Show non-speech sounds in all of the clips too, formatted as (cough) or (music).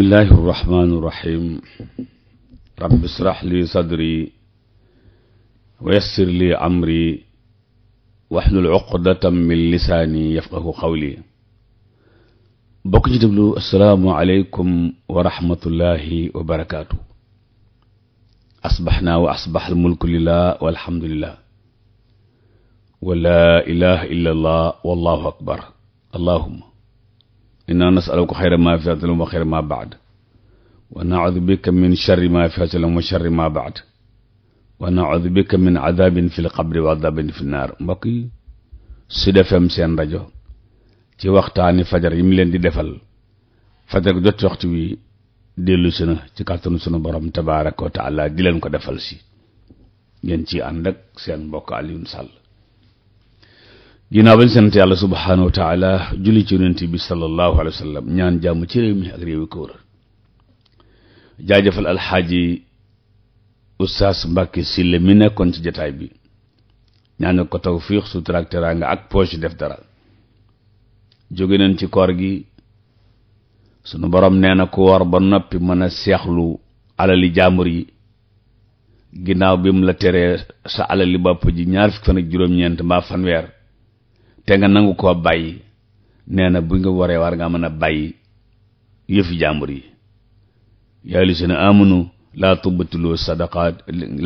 bismillahi irrahmani irrahim rabbi israh li sadri wa yassir li amri waxlul uqdatam min lisaani yafqahu qawli bokk ci déglu assalaamu aleykum wa rahmatullahi wa barakaatu asbaxnaa wa asbax almulku lillah walhamdulillah wa laa ilaha illa allah wallahu akbar allahuma inna nasaluka xayra ma fi hada wa xayra ma baad wa naudu bika min sharri ma fi hada wa sharri ma baad wa naudu bika min adabin fi lqabri wa adabin fi naar mbokk yi Sud seen rajo ci waxtaani fajar yi mu leen di defal fajar jot waxtu wi dellu si na ci kàttanu sunu borom tabaaraka wa taala di leen ko defal si ngeen ci ànd seen mbokk Alioune Sall ginnaaw bañ sant yàlla subhaanahu wa taala julli ci bi sallallahu alayhi wa sallam ñaan jàmm ci réew mi ak réew yi ko wër jaajëfal alxaaji ustaas Mbàkke Sille mi nekkoon ci jataay bi ñaan ko tawfiix su tractera nga ak poche def dara jóge nañ ci koor gi sunu borom neena na ku war ba noppi mën a seexlu alali jàmbur yi ginnaaw bi mu la teree sa alali bopp ji ñaar fukki fan ak juróom-ñeent mbaa fanweer te nga nangu ko bàyyi nee na bu nga waree war nga mën a bàyyi yëf jàmbur yi yaa llaziina aamanu laa tubtilu sadaqaat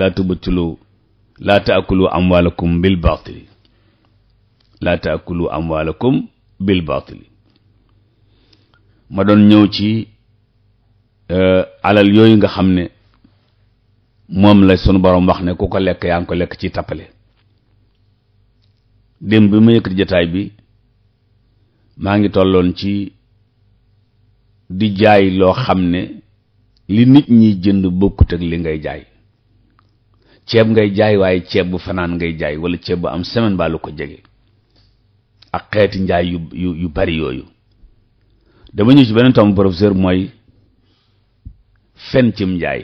laa tubtilu laa taakulu amwaalakum bil baatili laa taakulu amwaalakum bil baatili ma doon ñëw ci e, alal yooyu nga xam ne moom la sunu borom wax ne ku ko lekk yaa ngi ko lekk ci tappale démb bi ma yëkkati jataay bi maa ngi tolloon ci di jaay loo xam ne li nit ñi jënd bokkut ak li ngay jaay ceeb ngay jaay waaye ceeb bu fanaan ngay jaay wala ceeb bu am semaine baa lu ko jege ak xeeti njaay yu yu yu bari yooyu dama ñëw ci beneen tomb professeur mooy fen cim njaay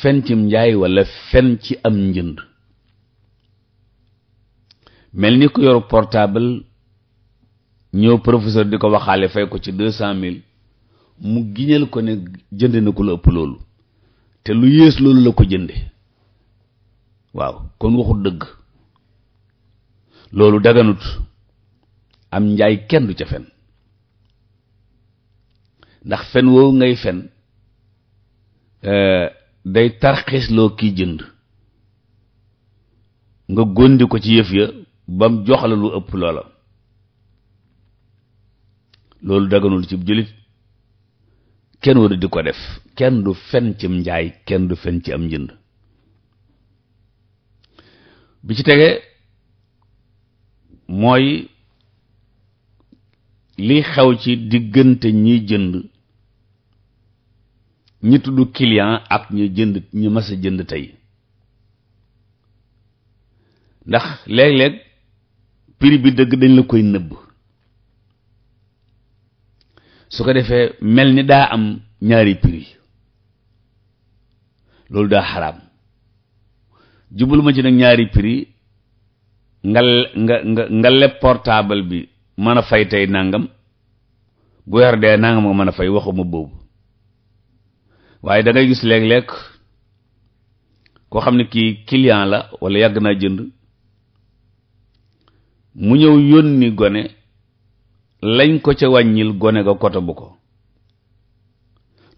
fen cim njaay wala fen ci am njënd mel ni ko yor portable ñëw professeur di ko waxaale fay ko ci deux cent mille mu giñal ko ne jënd na ko lu ëpp loolu te lu yées loolu la ko jënde waaw kon waxul dëgg loolu daganut am njaay kenn du ca fen ndax fen woowu ngay fen euh, day tarxiisloo kiy jënd nga gondi ko ci yëf ya ba mu jox la ëpp loola loolu daganul ci jullit kenn waru di ko def kenn du fen cim njaay kenn du fen ci am jënd bi ci tege mooy li xew ci diggante ñiy jënd ñi tudd client ak ñi jënd ñi mas jënd tey ndax léeg-léeg prix bi dëgg dañ la koy nëbb su ko defee mel ni daa am ñaari prix loolu daa xaraam jublu ma ci nag ñaari prix nga nga nga leb portable bi mën a fay tey nangam bu weer dee nangam nga mën a fay waxuma boobu waaye da gis léeg-léeg koo xam ne kii client la wala yàgg naa jënd mu ñëw yónni gone lañ ko ca wàññil gone ga koto bu ko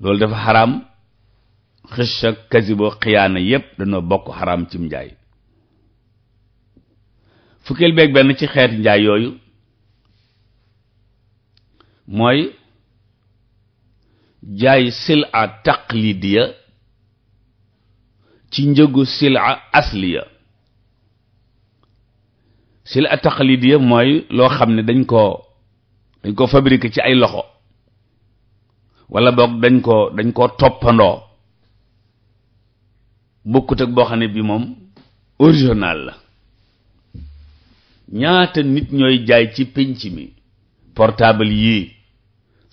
loolu dafa xaram xëcc ak kasibo xiyaana yépp dañoo bokk xaram cim njaay fukkeel beeg benn ci xeeti njaay yooyu mooy jaay sila taqlidiya ci njëgu sila asliya sila a taqlidiya mooy loo xam ne dañ koo dañ koo fabriqué ci ay loxo wala boog dañ koo dañ koo toppandoo bokkut ak boo xam ne bi moom original la ñaata nit ñooy jaay ci pénc mi portable yii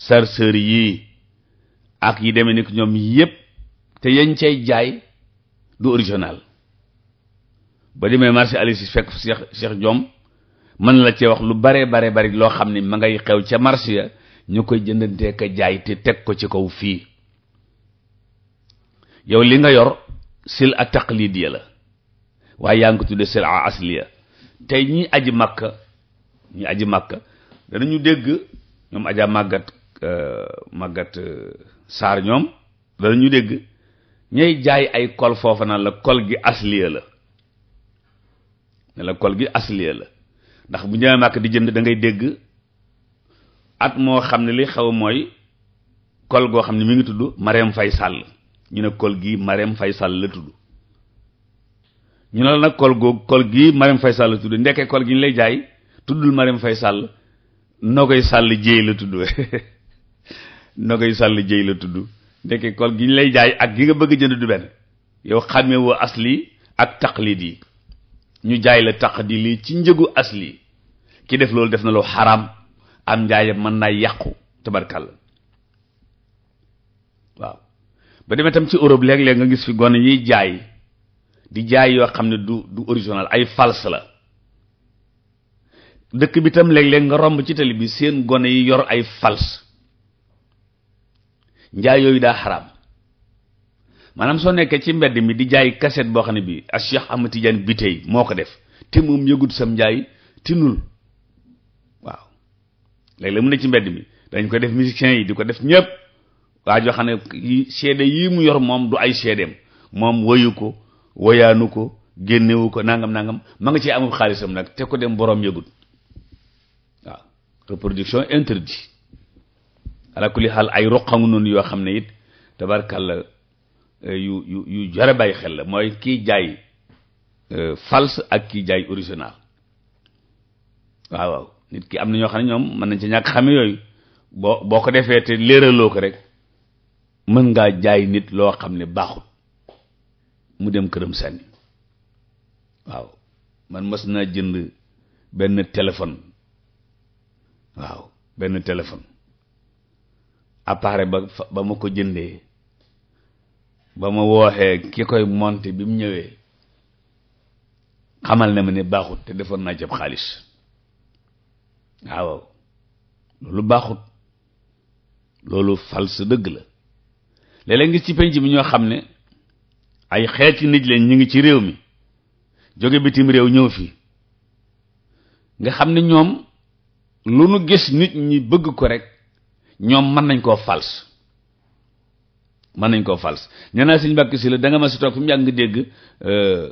chargeur yii ak yi demee ni ñoom yépp te yañ cay jaay du original ba demee marché Alice fekk Cheikh Cheikh Diom mën la cee wax lu bare bare bari loo xam ni ma ngay xew ca marché ya ñu koy jëndantee ka jaay te teg ko ci kaw fii yow li nga yor sil a taqlidiya la waaye yaa ngi ko tudde sil a asliya tey ñi aji makka ñi aji makka danañu dégg ñoom aja màggat euh, màggat euh, saar ñoom danañu dégg ñay jaay ay kol foofa naan la kol gi asliya la ne la kol gi asliya la ndax bu njëmee màkk di jënd dangay dégg at moo xam ne li xaw mooy kol goo xam ne mu ngi tudd Marème fay Sall ñu ne kol gi Marème fay Sall la tudd ñu ne nag kol goo kol gi Marème Faye Sall tudd ndekkee kol gi ñu lay jaay tuddul Marème fay Sall noo koy sàll jéey la tudd (laughs) noo koy sàll jéey la tudd ndekkee kol gi ñu lay jaay ak gi nga bëgg jënd du benn yow xàmmee asli ak taqlid yi ñu jaay la taq di lii ci njëgu asli ki def loolu def na lu xaraam am njaayam mën naa yàqu tabarkàlla waaw ba demee tam ci Europe léeg-léeg nga gis fi gone yiy jaay di jaay yoo xam ne du du original ay fals la dëkk bi tam léeg-léeg nga romb ci tali bi seen gone yi yor ay fals njaay yooyu daa xaraam maanaam soo nekkee ci mbedd mi di jaay kaset boo xam ne bi a Cheikh Ahmad bi Bitèye moo ko def te moom yëgut sam njaay tinul waaw léegi la mu ne ci mbedd mi dañ ko def musiciens yi di ko def ñëpp waa joo xam ne seede yii mu yor moom du ay seedeem moom woyu ko woyaanu ko génnewu ko nangam nangam ma nga ci amul xaalisam nag te ko dem boroom yëgut waaw reproduction interdit ala kulli xaal ay roqamu noonu yoo xam ne it tabarkàlla Euh, yu yu yu jore bàyyi xel la mooy kii jaay euh, false ak kii jaay original waaw waaw nit ki am na ñoo xam ne ñoom mën nañ ci ñàkk xame yooyu boo boo ko defee te léeraloo ko rek mën ngaa jaay nit loo xam ne baaxul mu dem këram sànni waaw man mas naa jënd benn téléphone waaw benn téléphone appareil ba ba ma ko jëndee ba ma wooxee ki koy monte bi mu ñëwee xamal na ma ni baaxut te defoon naa jab xaalis waaw loolu baaxut loolu false dëgg la léeg ngi ci penc bi ñoo xam ne ay xeeti nit lañ ñu ngi ci réew mi jóge bitim réew ñëw fii nga xam ne ñoom lu nu gis nit ñi bëgg ko rek ñoom mën nañ koo false mën nañ koo fals nee naa sëñ Mbàkke si la da nga ma si toog fi mu yàgg nga dégg euh,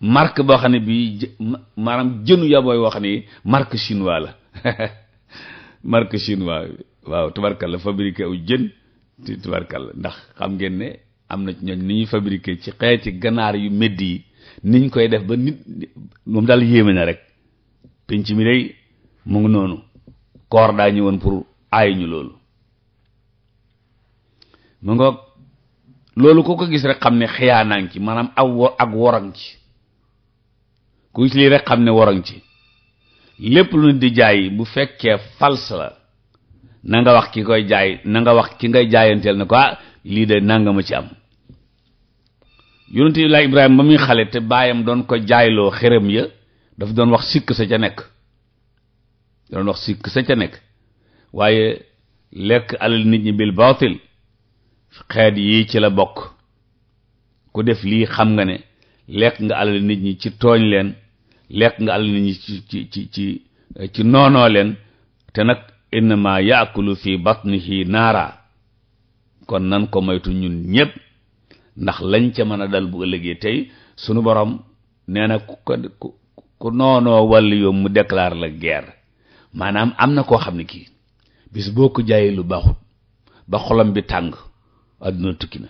marque boo xam ne bii maanaam jënu yabooy woo xam ni marque chinois la (laughs) marque chinois waaw la fabriqué aw jën ci tubarkalla ndax xam ngeen ne am na ci ñooñ ni ñuy fabriqué ci xeeti ganaar yu méddi yi niñ koy def ba nit moom daal yéeme na rek penc mi day mu ngi noonu koor daa ñëwoon pour aay ñu loolu mu ngoog loolu ko ko gis rek xam ne xiyaanaan ci manaam aw ak woran ci ku gis lii rek xam ne woran ci lépp lu nit di jaay bu fekkee fals la na nga wax ki koy jaay na nga wax ki ngay jaayanteel na ko ah lii de nanga ma ci am yonent yi laa ba muy xale te baayam doon ko jaayloo xërëm ya dafa doon wax sikk sa ca nekk doon wax sikk sa ca nekk waaye lekk alal nit ñi bil baatil xeet yi ci la bokk ku def lii xam nga ne lekk nga alal nit ñi ci tooñ leen lekk nga alal nit ñi ci ci ci ci ci noonoo leen te nag innama yaakulu fi batnihi naara kon nan ko moytu ñun ñépp ndax lañ ca mën a dal bu ëllëgee tey sunu borom nee na ku ko noonoo wàll yoom mu déclare la guerre maanaam am na koo xam ne kii bis boo ko jaayee lu baaxut ba xolam bi tàng àdduna tukki na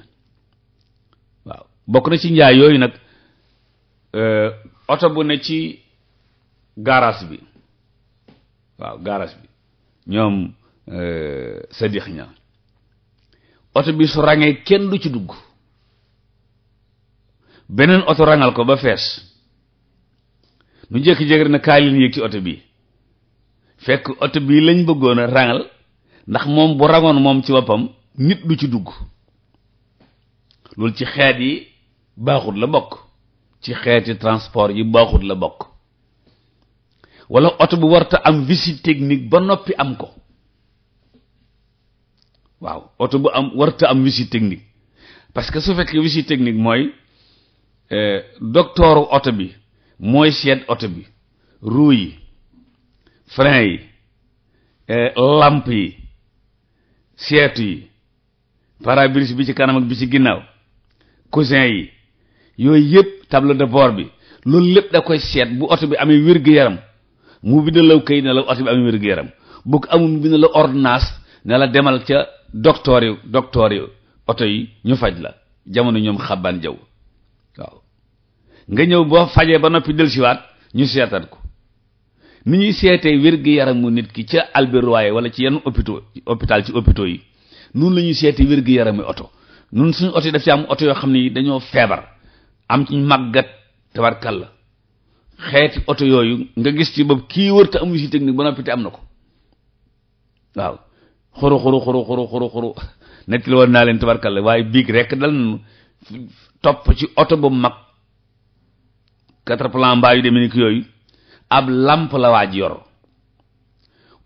waaw bokk na ci njaay yooyu nag euh, oto bu ne ci garage bi waaw garaas bi ñoom euh, sadix ña oto bi su rangee kenn du ci dugg beneen oto rangal ko ba fees nu jékki-jékki na kaay leen ci oto bi fekk oto bii lañ bëggoon a rangal ndax moom bu rangoon moom ci boppam nit du ci dugg loolu ci xeet yi baaxut la bokk ci xeeti transport yi baaxut la bokk wala oto bu warta am visite technique ba noppi am ko waaw oto bu am warta am visite technique parce que su fekkee visite technique mooy euh, docteuru oto bi mooy seet oto bi roue yi frein yi euh, lampe yi seetu yi pare bi ci kanam ak bi ci ginnaaw cousin yi yooyu yëpp tableau de bord bi loolu lépp da koy seet bu oto bi amee wér-gu-yaram mu bind la kayit ne la oto bi amee wér-gu-yaram bu ko amul bind la ordonnance ne la demal ca docteur yi docteur yi oto yi ñu faj la jamono ñoom xaban jaw waaw nga ñëw boo fajee ba noppi dellusiwaat ñu seetat ko ni ñuy seetee wér-gu-yaramu nit ki ca Albert Royer wala ci yenn hôpitaux hôpital ci hôpitaux yi noonu la seeti seetee wér-gu-yaramu oto nun suñu oto yi daf ci am oto yoo xam ni dañoo feebar am ci màggat la xeeti oto yooyu nga gis ci boobu kii wër te amul si technique ba noppi te am na ko waaw xuru xuru xuru xuru xuru (laughs) nekk la woon naa leen tabarkalla waaye biig rekk dal nañu topp ci oto bu mag quatre-plan mbaa yu demee ni ki yooyu ab làmp la ji yor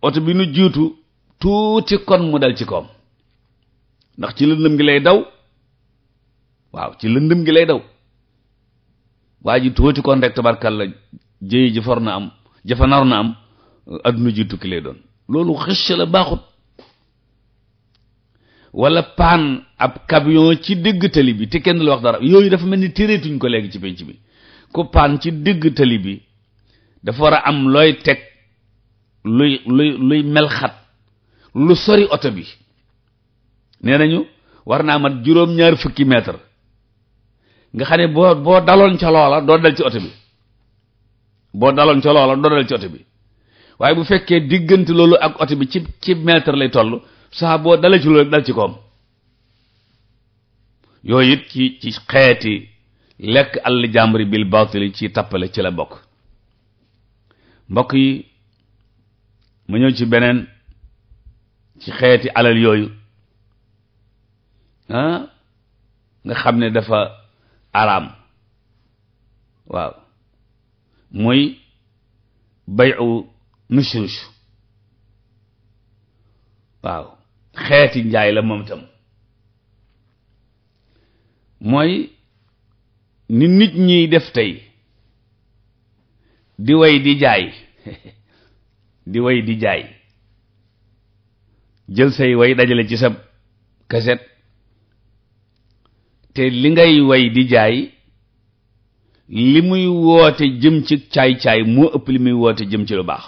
oto bi nu jiitu tuuti kon mu dal ci koom ndax ci lëndëm gi lay daw waaw ci lëndëm gi lay daw waa ji tuuti kon rek tabarkalla jëy na am jafa na am adduna ji tukki lay doon loolu xëcc la baaxut walla paan ab camion ci dégg tali bi te kenn la wax dara yooyu dafa mel ni téreetuñ ko léegi ci penc bi ku paan ci dégg tali bi dafa war a am looy teg luy luy melxat lu sori oto bi nee nañu war naa mat juróom-ñaar fukki mètre nga xam ne boo boo daloon ca loola doo dal ci oto bi boo daloon ca loola doo dal ci oto bi waaye bu fekkee diggante loolu ak oto bi ci ci mètre lay toll saa boo dalee ci loolu dal ci koom yooyu it ci ci xeeti lekk àll jàmbari bil baatili ci tappale ci la bokk mbokk yi ma ñëw ci beneen ci xeeti alal yooyu ah, nga xam ne dafa araam waaw mooy bayu nushrush waaw xeeti njaay la moom tam mooy ni nit ñiy def tey di way di jaay (laughs) di way di jaay jël say way dajale ci sa kaset te li ngay woy di jaay li muy woote jëm ci caay-caay moo ëpp li muy woote jëm ci lu baax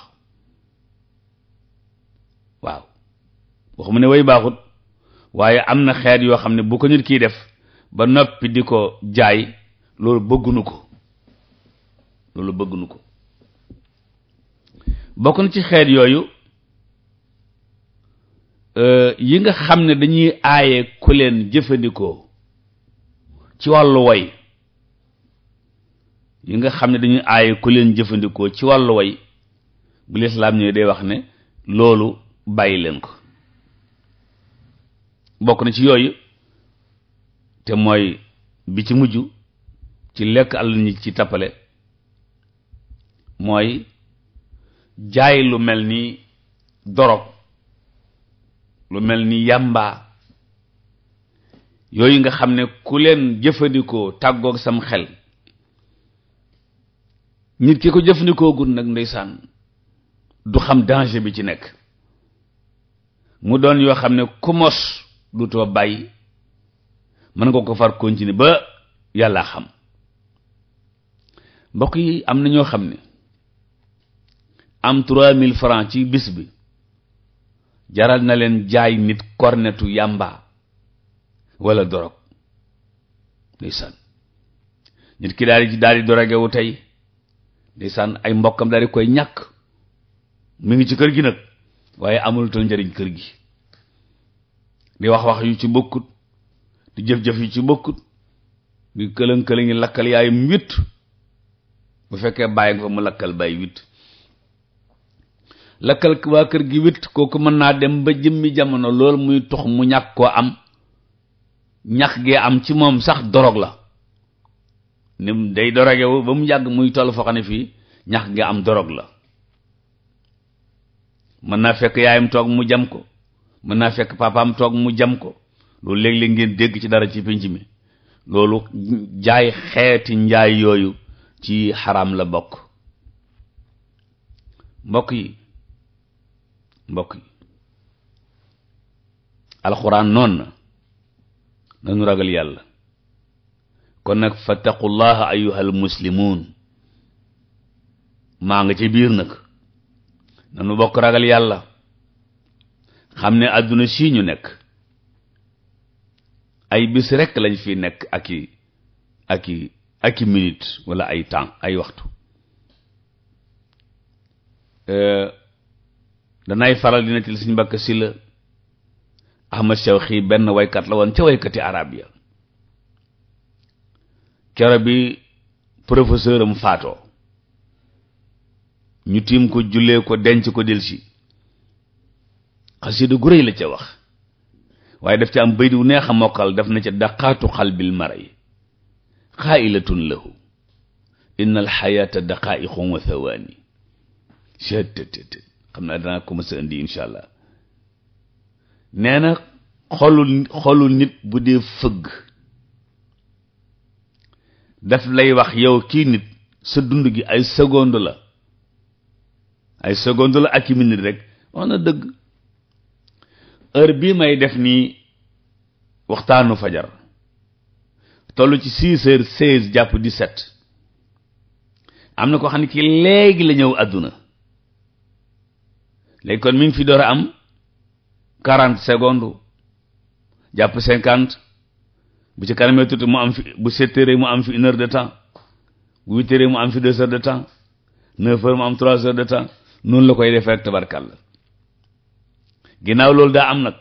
waaw waxuma ne way baaxut waaye am na xeet yoo xam ne bu ko nit kiy def ba noppi di ko jaay loolu bëggunu ko loolu bëggunu ko bokk na ci xeet yooyu euh, yi nga xam ne dañuy aaye ku leen jëfandikoo ci wàllu woy yi nga xam ne dañuy aaye ku leen jëfandikoo ci wàllu way bu lislaam ñëwee day wax ne loolu bàyyi leen ko bokk na ci yooyu te mooy bi ci mujj ci lekk àll ñi ci tappale mooy jaay lu mel ni doro lu mel ni yàmbaa yooyu nga xam ne ku leen jëfandikoo tàggoog sam xel nit ki ko jëfandikoo gun nag ndeysaan du xam danger bi ci nekk mu doon yoo xam ne ku mos du too bàyyi mën nga ko far continuer ba yàlla xam mbokk yi am na ñoo xam ne am trois mille francs ci bis bi jaral na leen jaay nit kornetu yàmbaa wala dorog ndeysaan nit ki daal di daal di dorogewu tey ndeysaan ay mbokkam daal koy ñàkk mu ngi ci kër gi nag waaye amulutul njariñ kër gi di wax wax yu ci bokkut di jëf-jëf yu ci bokkut di këlën-këlëngi lakkal yaayum witt bu fekkee bàyyi nga fa mu lakkal bay witt lakkal waa kër gi witt kooku mën naa dem ba jëmmi jamono loolu muy tox mu ñàkk koo am ñax gee am ci moom sax dorog la ni mu day dorogewu ba mu yàgg muy toll foo fii ñax gee am doroog la mën naa fekk yaayam toog mu jam ko mën naa fekk papaam toog mu jam ko loolu léeg-léeg ngeen dégg ci dara ci pénc mi loolu jaay xeeti njaay yooyu ci xaraam la bokk mbokk yi mbokk yi alxuraan noon na nanu ragal yàlla kon nag fattaqullaha ayyuhal muslimuun maa nga ci biir nag nanu bokk ragal yàlla xam ne àdduna sii ñu nekk ay bis rekk lañ fi nekk ak i ak i ak i minute wala ay temps ay waxtu euh, danay faral dina til suñ mbàkk si la Ahmad xii benn woykat la woon ca waykati arab ya kero bi professeur am faatoo ñu tiim ko jullee ko denc ko delsi xasida gu rëy la ca wax waaye daf ca am bayt wu neex a mokkal daf na ca daqaatu xalbil maray xaa'ilatun lahu inna alxayaata daqaa'iqun wa thawaani xam naa danaa ko mës a indi incha allah nee na xolul nit bu dee fëgg daf lay wax yow kii nit sa dund gi ay seconde la ay seconde la ak i minute rek wax na dëgg heure bii may def nii waxtaanu fajar tollu ci six heures seize jàpp dix-sept am na ko xam ne ki léegi la àdduna léegi kon mi ngi fi door a am quarante secondes jàpp cinquante bu ci kanamee tuuti mu am fi bu sept heures mu am fi une heure de temps bu huit heures mu am fi deux heures de temps neuf heures mu am trois heures de temps noonu la koy defee rek tabarkàlla ginnaaw loolu daa am nag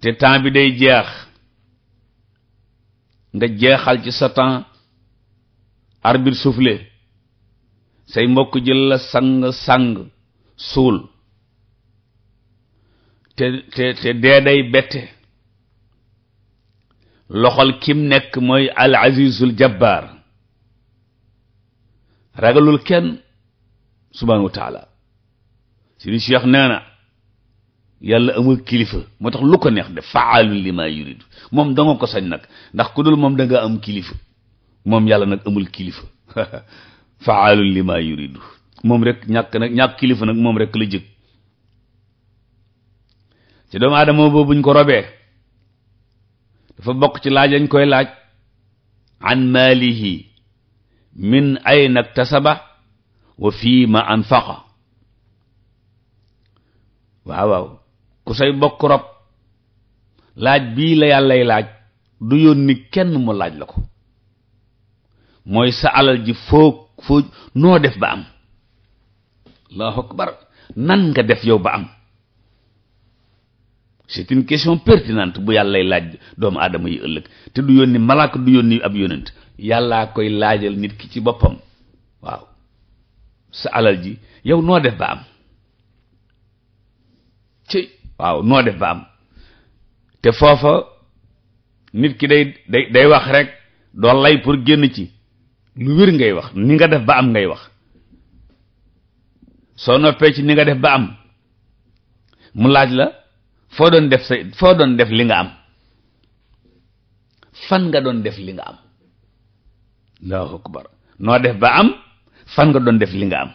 te temps bi day jeex nga jeexal ci sa temps arbitre soufflé say mbokk jël la sang sang suul te te te dee day bette loxol kim nekk mooy al azizul jabbaar ragalul kenn subhaanahu wa taala suñu cheikh nee na yàlla amul kilifa moo tax lu ko neex de faalu li ma yuridu moom danga ko sañ nag ndax ku dul moom danga am kilifa moom yàlla nag amul kilifa (laughs) faalu li ma yuridu moom rek ñàkk nag ñàkk kilifa nag moom rekk la jëg ci doomu aadama boobu buñ ko robee dafa bokk ci laaj lañ koy laaj an maalihi min ayna iktasaba wa fii ma anfaqa waaw waaw ku say bokk rob laaj bii la yàllay laaj du yónni kenn mu laaj la ko mooy sa alal ji foo foo noo def ba am allahu akbar nan nga def yow ba am c'est une question pertinente bu yàllay laaj doomu aadama yi ëllëg te du yónni malaaka du yónni ab yónent yàllaa koy laajal nit ki ci boppam waaw sa alal ji yow noo def ba am ci waaw noo def ba am te foofa nit ki day day day wax rek doo lay pour génn ci lu wér ngay wax ni nga def ba am ngay wax soo noppee ci ni nga def ba am mu laaj la foo doon def sa foo doon def li nga am fan nga doon def li nga am allahu noo def ba am fan nga doon def li nga am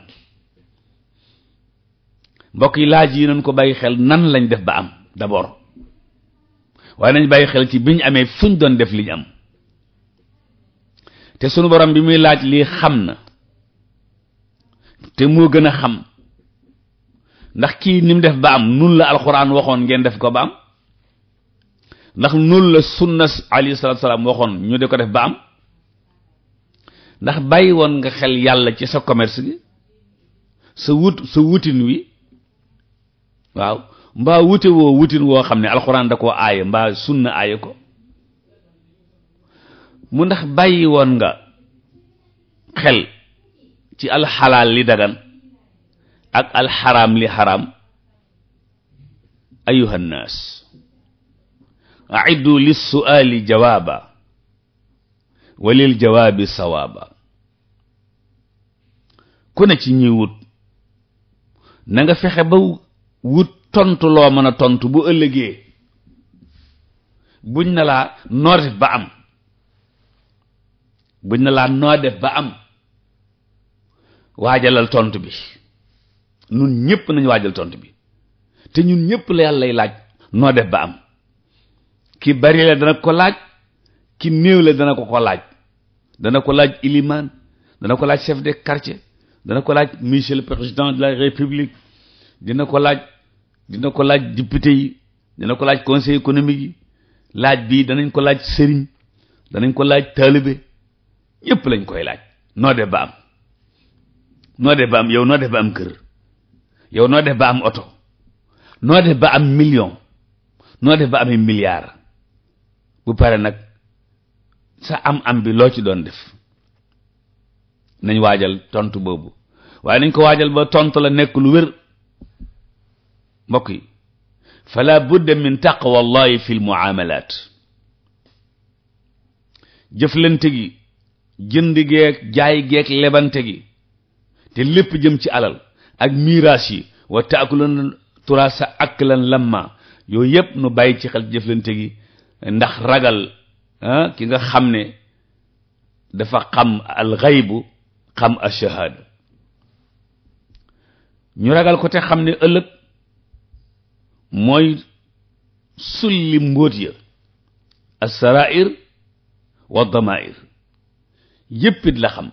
mbokk yi laaj yi nañ ko bàyyi xel nan lañ def ba am d'abord waaye nañ bàyyi xel ci bi ñu amee fuñ doon def liñ am te sunu borom bi muy laaj lii xam na te moo gën a xam ndax kii ni mu def ba am nun la alxuraan waxoon ngeen def ko ba am ndax nun la sunna alayhi salaatu salaam waxoon ñu de ko def ba am ndax bàyyi woon nga xel yàlla ci sa commerce gi sa wut sa wutin wi waaw mbaa wute woo wutin woo xam ne alxuraan da koo aaye mbaa sunna aaye ko mu ndax bàyyi woon nga xel ci alxalaal li dagan ak alxaraam li xaraam ayuha nnaas aiddu lissuaali jawaaba wa lil jawaabi sawaaba ku ne ci ñuy wut na nga fexe ba wut tontu loo mën a tontu bu ëllëgee buñ na laa noo def ba am buñ na laa noo def ba am waajalal tontu bi ñun ñëpp nañu waajal tontu bi te ñun ñëpp la yàlla lay laaj noo def ba am ki bari la dana ko laaj ki néew la dana ko ko laaj dana ko laaj ilimaan dana ko laaj chef de quartier dana ko laaj monsieur le président de la république dina ko laaj dina ko laaj député yi dina ko laaj conseil économique yi laaj bii danañ ko laaj sëriñ danañ ko laaj taalibe ñëpp lañ koy laaj noo def ba am noo def ba am yow noo def ba am kër yow noo def ba am oto noo def ba am million noo def ba am milliard bu pare nag sa am-am bi loo ci doon def nañ waajal tontu boobu waaye nañ ko waajal ba tontu la nekk lu wér mbokk yi fala budda min taq allahi fi l muamalat jëflante gi jënd geek jaay geek lebante gi te lépp jëm ci alal ak miraas yi wa taakuluna turaasa aklan lamma yooyu yëpp nu bàyyi ci xel jëflante gi ndax ragal ah, ki nga xam ne dafa xam al xaybu xam al shahaada ñu ragal ko te xam ni ëllëg mooy sulli mbóot ya al sarair wa damair yëppit la xam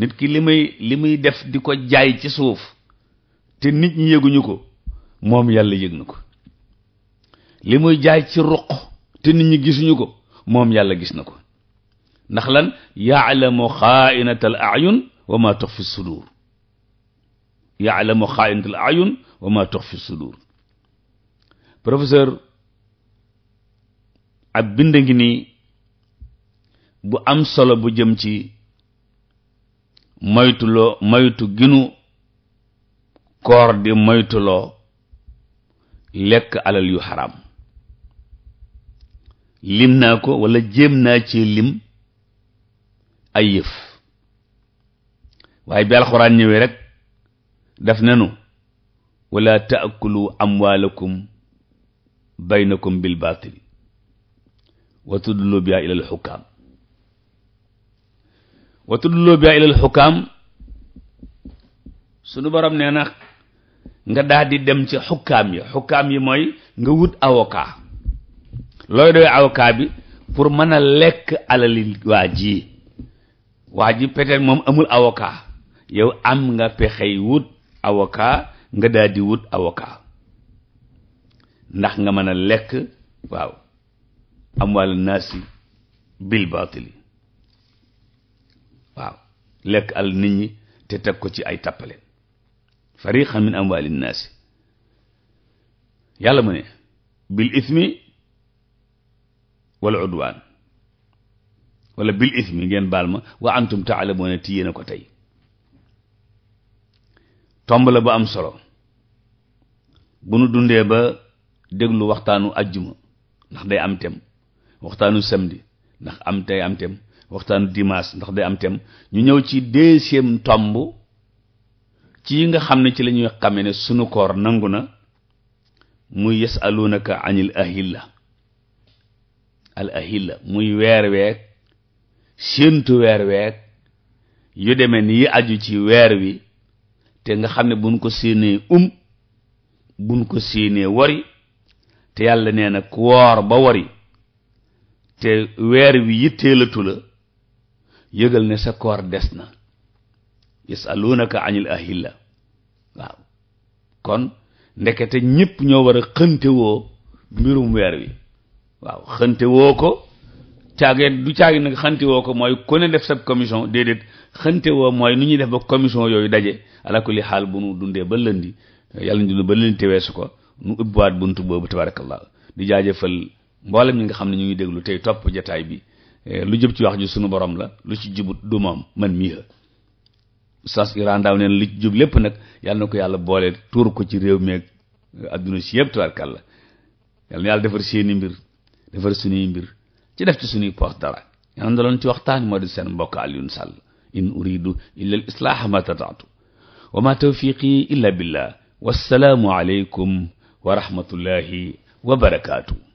nit ki li muy li muy def di ko jaay ci suuf te nit ñi yëguñu ko moom yàlla yëg na ko li muy jaay ci ruq te nit ñi gisuñu ko moom yàlla gis na ko ndax lan yaalamu xaainata al ayun wa ma tux fi sudur yaalamu xaainata al ayun wa ma tux fi sudur professeur ab bind ngi nii bu am solo bu jëm ci moytuloo moytu ginu koor di moytuloo lekk alal yu lim naa ko walla jéem naa ci lim ay yëf waaye bi alxuraan ñëwee rek daf nanu wala taakulu amwaalakum baynakum bil baatil wa tudlu biha ilal xukkaam watu tuddloo bi ilal xukkaam sunu borom nee na nga daldi dem ci xukkaam yi xukkaam yi mooy nga wut avocat looy doy avocat bi pour mën a lekk alali waa ji waa ji peut moom amul avocat yow am nga pexey wut avocat nga daal wut avocat ndax nga mën a lekk waaw amwaal naasi bil baatili lekk al nit ñi te teg ko ci ay tappale fariqan min amwali nnaasi yàlla ma ne bil ismi wala udwaan wala bil ismi ngeen baal ma wa antum taalamuuna ti yéen a ko tey tomb la ba am solo bu nu dundee ba déglu waxtaanu ajjuma ndax day am tem waxtaanu samedi ndax am tey am tem waxtaan dimaas ndax day am thème ñu ñëw ci deuxième tomb ci yi nga xam ne ci lañuy ñuy xamee ne sunu koor nangu na muy yasalunaka anil ahilla al ahilla muy weer week séentu weer week yu demee ni yi aju ci weer wi te nga xam ne buñ ko séenee um buñ ko séenee wari te yàlla nee na ku woor ba wari te weer wi yitteelatu la yëgal ne sa koor des na yasaluunaka anil ahilla waaw kon ndekete ñëpp ñoo war a xëntewoo mbirum weer wi waaw woo ko caage du caagi nag woo ko mooy ku ne def sa commission déedéet woo mooy nu ñuy def ba commission yooyu daje ala kulli xaal bu nu dundee ba lëndi yàlla ñu dund ba lëndi teweesu ko nu ubbiwaat bunt boobu tabarakallah di jaajëfal mboolem ñi nga xam ne ñu ngi déglu tey topp jataay bi Eh, lu jëm ci wax ji sunu borom la lu ci jubut duma man mii la sas Iran daaw neen lu jub lépp nag yàlla na ko yàlla boole tuur ko ci réew meeg eh, adduna si yëpp tabarkàlla yàlla na yàlla defar mbir defar suñuy mbir ci def ci suñuy poos dara ñaan daloon ci waxtaan moo di seen mbokk Alioune Sall in uridu illa al ma tataatu wa ma tawfiqi illa billah wassalaamu aleykum wa barakaatu